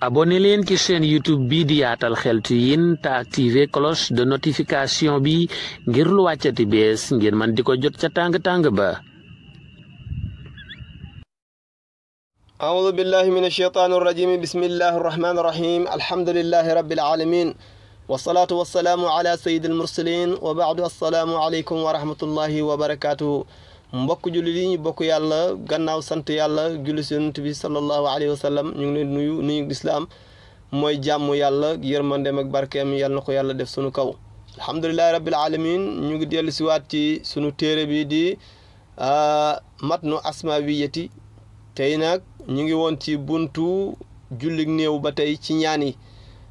abonné leen ci chaîne youtube bi di yaatal xeltu yin te activé cloche de notification bi ngir lu wàccati bees ngir man di ko jot ca tàng-tàng ba أعوذ بالله من الشيطان الرجيم بسم الله الرحمن الرحيم الحمد لله رب العالمين والصلاة والسلام على سيد المرسلين وبعد السلام عليكم ورحمة الله وبركاته mbokk jullit yi ñu bokk yàlla gannaaw sant yàlla julli si yonent bi sallallahu alayhi wa sallam ñu ngi leen nuyu nuyu lislaam mooy jàmm yàlla yërmandeem ak barkeem yàlla na ko yàlla def sunu kaw alhamdulilahi rabbil alamin ñu ngi dellu siwaat ci sunu téere bi di ah, matnu asmaawiyati tey nag ñu ngi woon ci buntu julli néew ba tey ci ñaan yi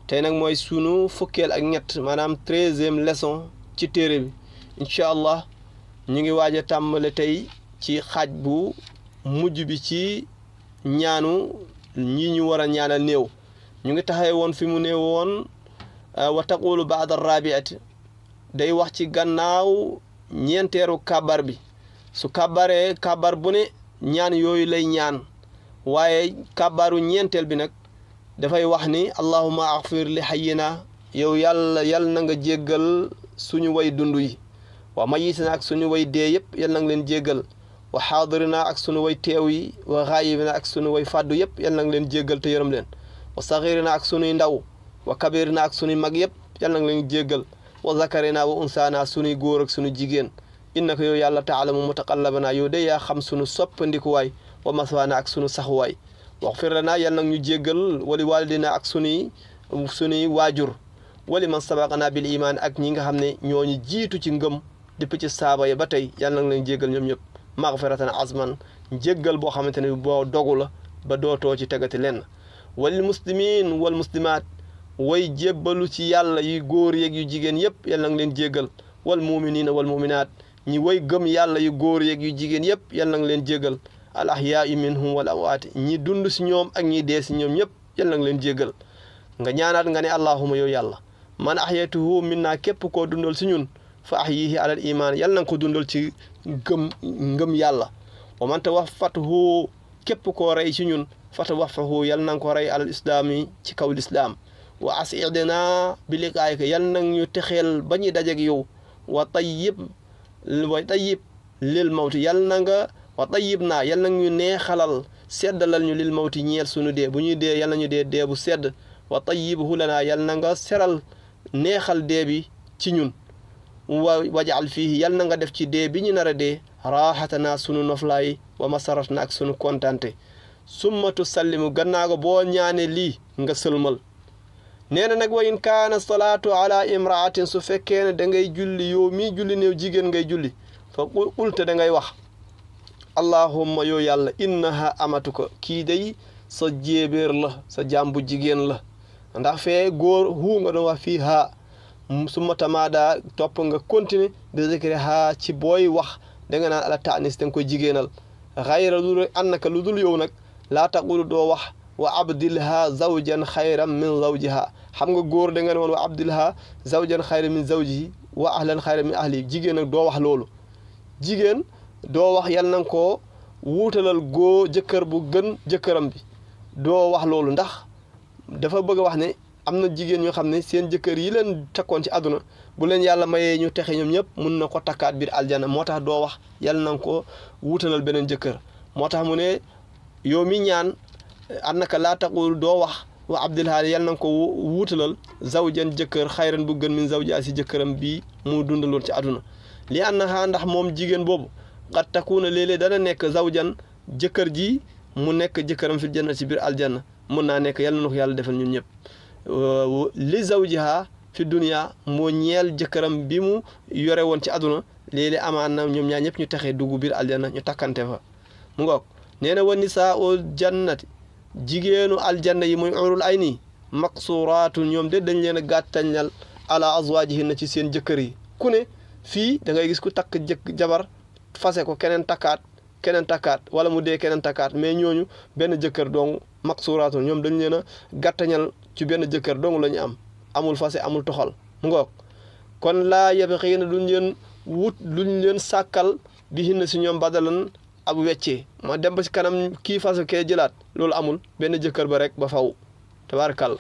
tey nag mooy sunu fukkeel ak ñett maanaam treizième leçon ci téere bi incha allah ñu ngi waaj a tàmbale tey ci xaaj bu mujj bi ci ñaanu ñi ñu war a ñaanal néew ñu ngi taxee woon fi mu ne woon euh, wa taqulu baada rabiati day wax ci gannaaw ñeenteeru kàbbar bi su kàbbaree kàbbar bu ne ñaan yooyu lay ñaan waaye kàbbaru ñeenteel bi nag dafay wax ni allahuma axfir li xayina yow yàlla yàlla na nga jéggal suñu way dund yi wa mayitina ak suñu way dee yëpp yal nang leen jéggal wa xaadirina ak sunu way teew yi wa xaayibina ak sunu way fàddu yëpp yal nang leen jéggal te yërëm leen wa saxirina ak sunuy ndaw wa kabirina ak sunuy mag yëpp yal nang leen jéggal wa zakarina wa unsaana sunuy góor ak sunu jigéen innaka yow yàlla taalamu mutaqallabana yow de yaa xam sunu soppandikuwaay wa maswaana ak sunu saxuwaay waxfir lana yal nag ñu jéggal wali walidina ak sunuy sunuy waajur wali man sabaqana bil imaan ak ñi nga xam ne ñooñu jiitu ci ngëm depuis ci saaba yi ba tey yàlla na leen jéggal ñoom ñëpp maxfiratan azman njéggal boo xamante ne bi boo dogu la ba doo too ci tegati lenn walil muslimin wal muslimaat way jébbalu ci yàlla yu góor yeeg yu jigéen yëpp yàlla na leen jéggal wal muminina wal muminaat ñi way gëm yàlla yu góor yeeg yu jigéen yëpp yàlla na leen jéggal al ahyaai minhum wal amwaat ñi dund si ñoom ak ñi dee si ñoom ñëpp yàlla na leen jéggal nga ñaanaat nga ne allahuma yow yàlla man ahyatuhu min naa képp koo dundal si ñun fa ahyihi alal iman yàlla na ko dundal ci ngëm ngëm yàlla wa man tawaffatuhu képp koo rey ci ñun fa tawaffahu yàlla yal nga ko rey alal islaami ci kaw lislaam wa asidna bi liqaayika yàlla na ñu texeel ba ñuy dajeeg yow wa tayyib wa tayyib lil mawti yàlla na naa yàlla na ñu neexalal seddalal ñu lil mawti ñeel suñu dee bu ñuy dee yàlla ñu dee dee bu sedd wa tayyib hu lanaa yàlla na nga seral neexal dee bi ci ñun wa wajal fii yal na nga def ci dee bi ñu nar a dee raaxatanaa sunu noflaay wa masaratna ak sunu kontante summa tusallimu gannaaw ga boo ñaane lii nga sëlmal nee na nag wa in kaana salaatu ala imraatin su fekkee ne dangay ngay julli yow julli néew jigéen ngay julli fa ulte da ngay wax allahumma yow yàlla innaha amatuka kii day sa jéebéer la sa jàmbu jigéen la ndax fee góor huu nga doon wax fii haa Mm, summa tamaada topp nga continuer bi zikri haa ci booy wax danga nga naan taanis da nga koy jigéenal xayra lu dul annaka lu dul yow nag laa taqulu doo wax wa abdilha zawjan xayran min zawjiha xam nga góor da nga ne woon wa abdilha zawjan xayran min zawjihi wa ahlan xayran min ahli jigéen nag doo wax loolu jigéen doo wax yal na nga koo wuutalal góor jëkkër bu gën jëkkëram bi doo wax loolu ndax dafa bëgg a wax ne am na jigéen ñoo xam ne seen jëkkër yi leen takkoon ci àdduna bu leen yàlla mayee ñu texe ñoom ñëpp mun na ko takkaat biir aljana moo tax doo wax yàlla na nga wuutalal beneen jëkkër moo tax mu ne yow mi ñaan annaka laa taqul doo wax wa abdilhaali yàlla na nga ko wuutalal zawjan jëkkër xayran bu gën min zawjaa si jëkkëram bii mu dundaloon ci àdduna li annaha ndax moom jigéen boobu xat takuuna léeg-léeg dana nekk zawjan jëkkër ji mu nekk jëkkëram fil janna ci biir aljanna mën naa nekk yàlla na ko yàlla defal ñun ñëpp Euh, li zawjiha fi dunia moo ñeel jëkkëram bi mu yore woon ci àdduna lii léeg amaan na ñoom ñaar ñëpp ñu texee dugg biir aljanna ñu takkante fa mu ngoog nee na wa nisaa ul jigéenu aljanna yi mooy urul ay nii maqsuraatu ñoom de dañ leen a gàttañal ala azwaajihinna ci seen jëkkër yi ku ne fii da ngay gis ku takk jëkk jabar fase ko keneen takkaat keneen takkaat wala mu dee keneen takkaat mais ñooñu benn jëkkër dong maqsuraatu ñoom dañ leen a gàttañal ci benn jëkkër dong la ñu am amul fase amul toxal ngoog kon laa yabxiina duñ leen wut duñ leen sàkkal bi hinna si ñoom badalan ab weccee ma dem ba si kanam kii fase kee jëlaat loolu amul benn jëkkër ba rek ba faw tabaarkal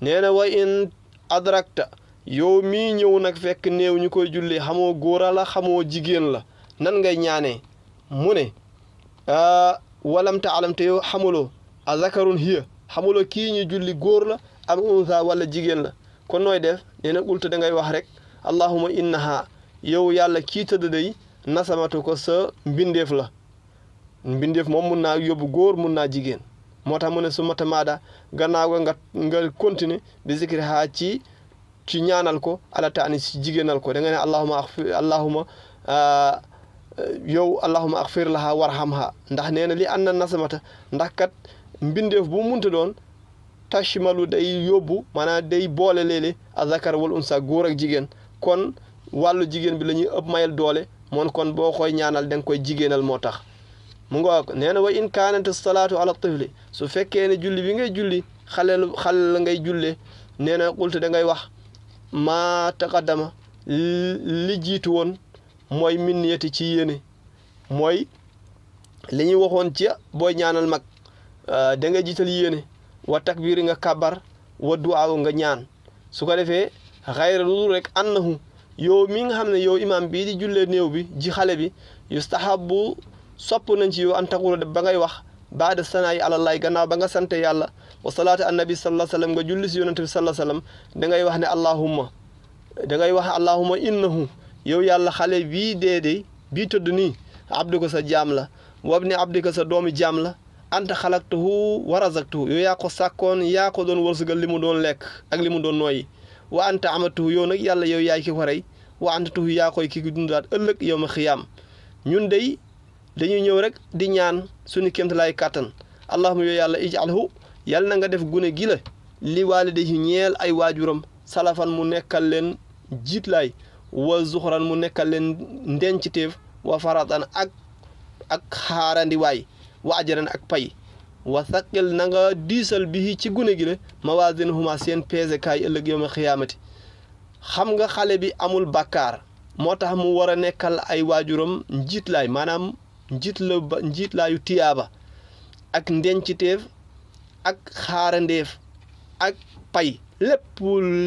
nee na way in adrakta yow mii ñëw nag fekk néew ñu koy julli xamoo góor la xamoo jigéen la nan ngay ñaanee mu ne walam ta alam te yow xamuloo a zakarun xamuloo kii ñu julli góor la am unsa wala jigéen la kon nooy def nee na qultu da ngay wax rek allahuma innaha yow yàlla kii tëdd day nasamatu ko sa mbindeef la mbindeef moom mun naa yóbbu góor mun naa jigéen moo tax mu ne su mata maada gannaaw nga nga continuer bi zikri haa ci ci ñaanal ko ala taani si jigéenal ko da nga ne allahuma allahuma ah, yow allahuma axfir laha warhamha ndax nee na li an na nasamata ndax kat mbindeef bu mu munta doon tashmalu day yóbbu maanaam day boole léeg-léeg azakar wal unsa góor ak jigéen kon wàllu jigéen bi lañuy ñuy ëpp mayal doole moon kon boo koy ñaanal da nga koy jigéenal moo tax mu nga wax nee na wa in kaanat salaatu ala tifli su fekkee ne julli bi ngay julli xalel xale la ngay julle nee na qultu da ngay wax maa taqaddama li jiitu woon mooy min niyati ci yéene mooy li ñuy waxoon ci booy ñaanal mag Euh, da nga jiital yéene wa takbiir nga kabar wa duwaaw nga ñaan su ko defee xayra lu rek annahu yow mi nga xam ne yow imaam bii di jullee néew bi ji xale bi yustahabu sopp nañ ci yow an taqula ba ngay wax baada sanaayi alallaay gannaaw ba nga sante yàlla wa salaatu annabi sallallahu sallam nga julli si yonante bi sallallahu sallam da ngay wax ne allahumma da ngay wax allahumma innahu yow yàlla xale bii dee dee bii tëdd nii abdu ko sa jaam la wabni abdi ko sa doomi jaam la anta xalaqtahu wa razaqtahu yow yaa ko sàkkoon yaa ko doon wërsëgal li mu doon lekk ak li mu doon nooyi wa anta amatahu yow nag yàlla yow yaay ki ko rey wa antatahu yaa koy ki dundaat ëllëg yow ma xiyaam ñun day dañuy ñëw rek di ñaan sunu kéemtalaay kàttan allahuma yow yàlla ijalhu yàlla na nga def gune gila la li waalide yi ñeel ay waajuram salafan mu nekkal leen jiitlaay wa zuxran mu nekkal leen ndenc téef wa faratan ak ak xaarandi wa ajaran ak pay wa saqil na nga diisal bi ci gune gi le mawaasin huma seen peese kaay ëllëg yowma xiyaamati xam nga xale bi amul bàkkaar moo tax mu war a nekkal ay waajuram njiit laay maanaam njiit ba njiit laayu tiyaaba ak ndenciteef ak xaarandeef ak pay lépp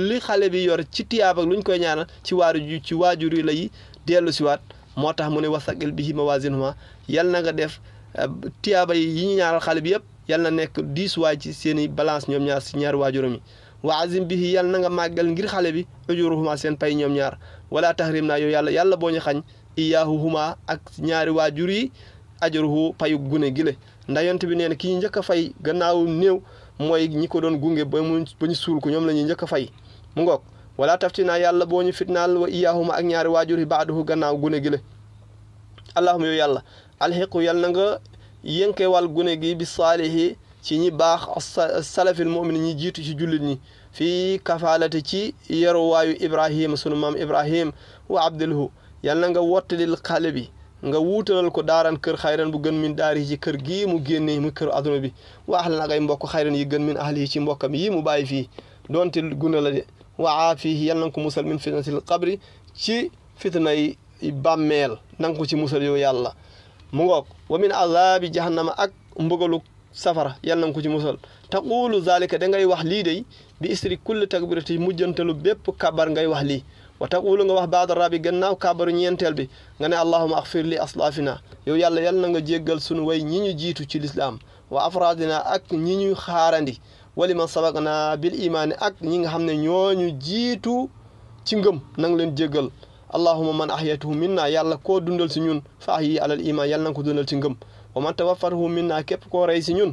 li xale bi yor ci tiyaaba luñ koy ñaanal ci waaru ci waajur yi lay dellusiwaat moo tax mu ne bi bihi mawaasinhuma yal na nga def tiyaaba yi ñu ñaaral xale bi yëpp yal na nekk diis waay ci seeni i ñoom ñaar si ñaari waajuram yi wa bi bihi yal na nga màggal ngir xale bi ujuruhuma seen pay ñoom ñaar tax tahrim naa yow yàlla yàlla boo ñu xañ iyaahuhuma ak ñaari waajur yi ajuruhu pay gune gile ndax yonent bi neen na ki ñu njëkk a fay gannaaw néew mooy ñi ko doon gunge ba mu ba ñu suul ko ñoom la ñuy njëkk fay mu ngoog wala tafti naa yàlla boo ñu fitnaal wa iyaahuma ak ñaari waajur yi baaduhu gannaaw gune gile allahuma yow yàlla alxiqu yàlla na nga yënkewal gune gi bi saalihi ci ñi baax salafil mumin ñi jiitu ci jullit ñi fii kafaalati ci yaruwaayu ibrahima sunu maam ibrahim wa abdilhu yàlla na nga wottalil xale bi nga wuutalal ko daaran kër xayran bu gën min daar yi ci kër gii mu génnee mu kër aduna bi wa ahlan ak ay mbokk xayran yi gën min ahli ci mbokkam yi mu bàyyi fii doonte gune la de wa aafihi yàlla na musal min fitnatil qabri ci fitna bàmmeel nanga ko ci musal yow yàlla mu ngoog wa min azabi jahannama ak mbugalu safara yal nanga ko ci musal taqulu zalika da ngay wax lii day bi istri kulli takbirati mujjantalu bépp kabar ngay wax lii wa taqulu nga wax baada rabi gannaaw kabaru ñeenteel bi nga ne allahuma axfir li aslafina yow yàlla yàlla na nga jéggal sunu way ñi ñu jiitu ci lislaam wa afradina ak ñi ñu xaarandi wali man sabaqna bil imaani ak ñi nga xam ne ñooñu jiitu ci ngëm nang leen jéggal allahuma man ahyatahu minna yàlla koo dundal si ñun fa ahyi alal iman yàlla na nga ko dundal si ngëm wa man tawafatahu minna képp koo rey si ñun